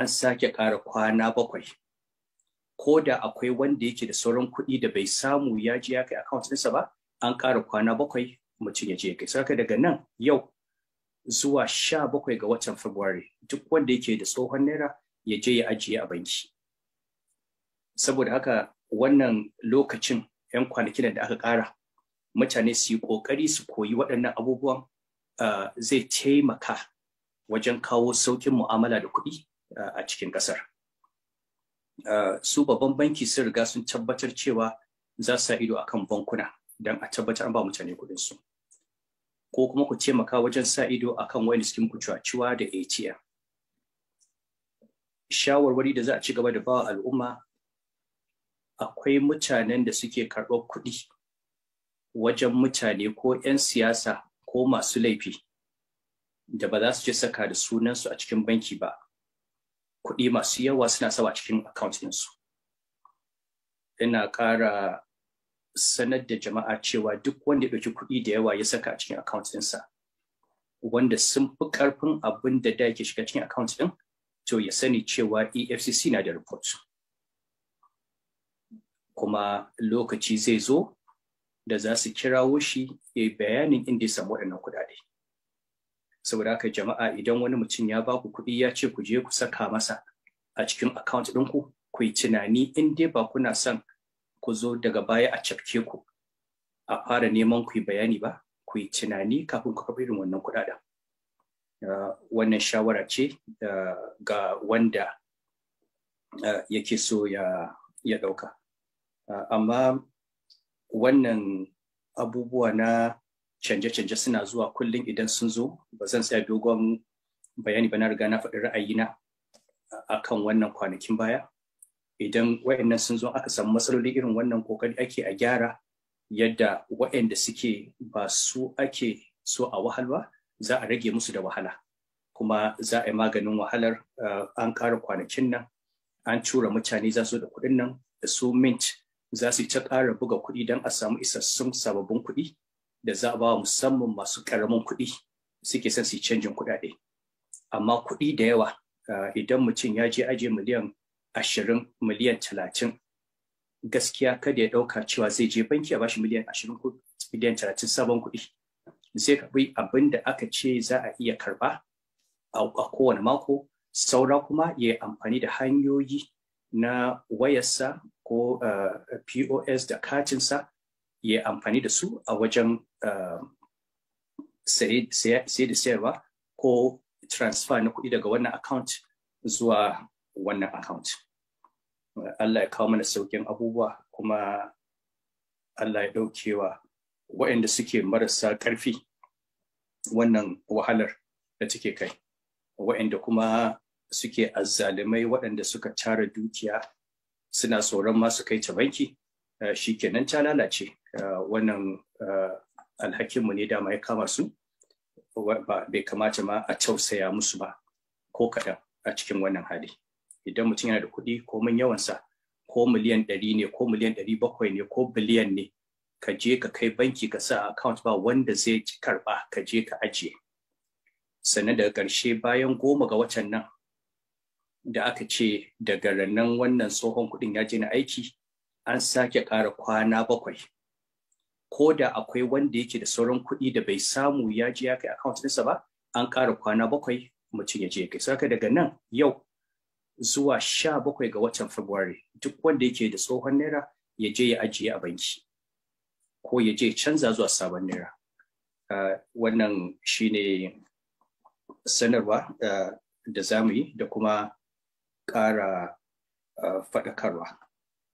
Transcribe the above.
an sake ƙara kwana bakwai ko da akwai wanda yake da sauran kuɗi da bai samu ya je ya kai account ɗinsa ba an ƙara kwana bakwai mutum ya je kai saka daga nan yau zuwa sha bakwai ga watan Fabrairu duk wanda yake da tsohon naira ya je ya ajiye a banki saboda haka wannan lokacin 'yan kwanakin da aka ƙara mutane su yi ƙoƙari su koyi waɗannan abubuwan ah, zai taimaka wajen kawo sauƙin mu'amala da kuɗi a cikin ƙasar. Su babban banki sun riga sun tabbatar cewa za su sa ido a kan bankuna don a tabbatar an ba mutane kuɗinsu. Ko kuma ku taimaka wajen sa ido a kan wani suke kucuwa da ATM. Shawarwari da za a ci gaba da bawa al'umma akwai mutanen da suke karɓar kuɗi wajen mutane ko 'yan siyasa ko masu laifi da ba za su je saka da sunansu a cikin banki ba kuɗi masu yawa suna sawa cikin account ɗinsu. Ina ƙara sanar da jama'a cewa duk wanda ya ɗauki kuɗi da yawa ya saka a cikin account ɗinsa. Wanda sun fi ƙarfin abin da da yake shiga cikin account ɗin, to ya sani cewa EFCC na da report. Kuma lokaci zai zo da za su kirawo shi ya yi bayanin inda ya samu waɗannan kuɗaɗe. saboda haka jama'a idan wani mutum ya ba ku kuɗi ya ce ku je ku saka masa a cikin akawunt ɗinku ku yi tunani in dai ba kuna son ku zo daga baya a cafke ku a fara neman ku yi bayani ba ku yi tunani kafin ku kafa irin wannan kuɗaɗen ah, wannan shawara ce ah, ga wanda ah, yake so ya ɗauka amma wannan abubuwa na canje-canje suna zuwa kullum idan sun zo ba zan tsaya dogon bayani ba na riga na faɗi ra'ayina a kan wannan kwanakin baya idan wayannan sun zo aka samu matsaloli irin wannan kokari ake a gyara yadda wayanda suke ba su ake so a wahalwa za a rage musu da wahala kuma za a yi maganin wahalar eh, an ƙara kwanakin nan an cura mutane za su da kuɗin nan da su mint za su ta ƙara buga kuɗi don a samu isassun sababbin kuɗi da za a ba musamman masu karamin kuɗi suke son su yi canjin kuɗaɗe amma kuɗi da yawa ah, idan mutum ya je aje miliyan ashirin miliyan talatin gaskiya kada ya ɗauka cewa zai je banki a bashi miliyan ashirin ko miliyan talatin sabon kuɗi zai karɓi abin da aka ce za a iya karɓa a kowane mako saura kuma ya yi amfani da hanyoyi na wayarsa ko ah, pos da katinsa ya amfani da su a wajen uh, saye da sayarwa ko transfer na kuɗi daga wannan account zuwa wannan account. Allah ya kawo mana sauƙin abubuwa kuma Allah ya ɗaukewa waɗanda suke marasa ƙarfi wannan wahalar da take kai. Waɗanda kuma suke azzalumai waɗanda suka tara dukiya suna tsoron masu kai ta banki Eh, shi kenan ta lalace eh, wannan eh, alhakinmu ne dama ya kama su bai kamata ma a tausaya musu ba ko kaɗan a cikin wannan hali idan mutum yana da kuɗi ko mun yawansa ko miliyan ɗari ne ko miliyan ɗari bakwai ne ko biliyan ne ka je ka kai banki ka sa akawunt ba wanda zai karɓa ka je ka ajiye sannan daga ƙarshe bayan goma ga watan nan da aka ce daga rannan wannan tsohon kuɗin ya je na aiki an sake ƙara kwana bakwai ko da akwai wanda yake da sauran kuɗi da bai samu ya ji ya kai akaunt ɗinsa ba an ƙara kwana bakwai mutum ya je kai saka daga nan yau zuwa sha bakwai ga watan Fabrairu duk wanda yake da tsohon naira ya je ya ajiye a banki ko ya je canza zuwa sabon naira ah, wannan shine sanarwa ah, da zamu yi da kuma ƙara ah, faɗakarwa.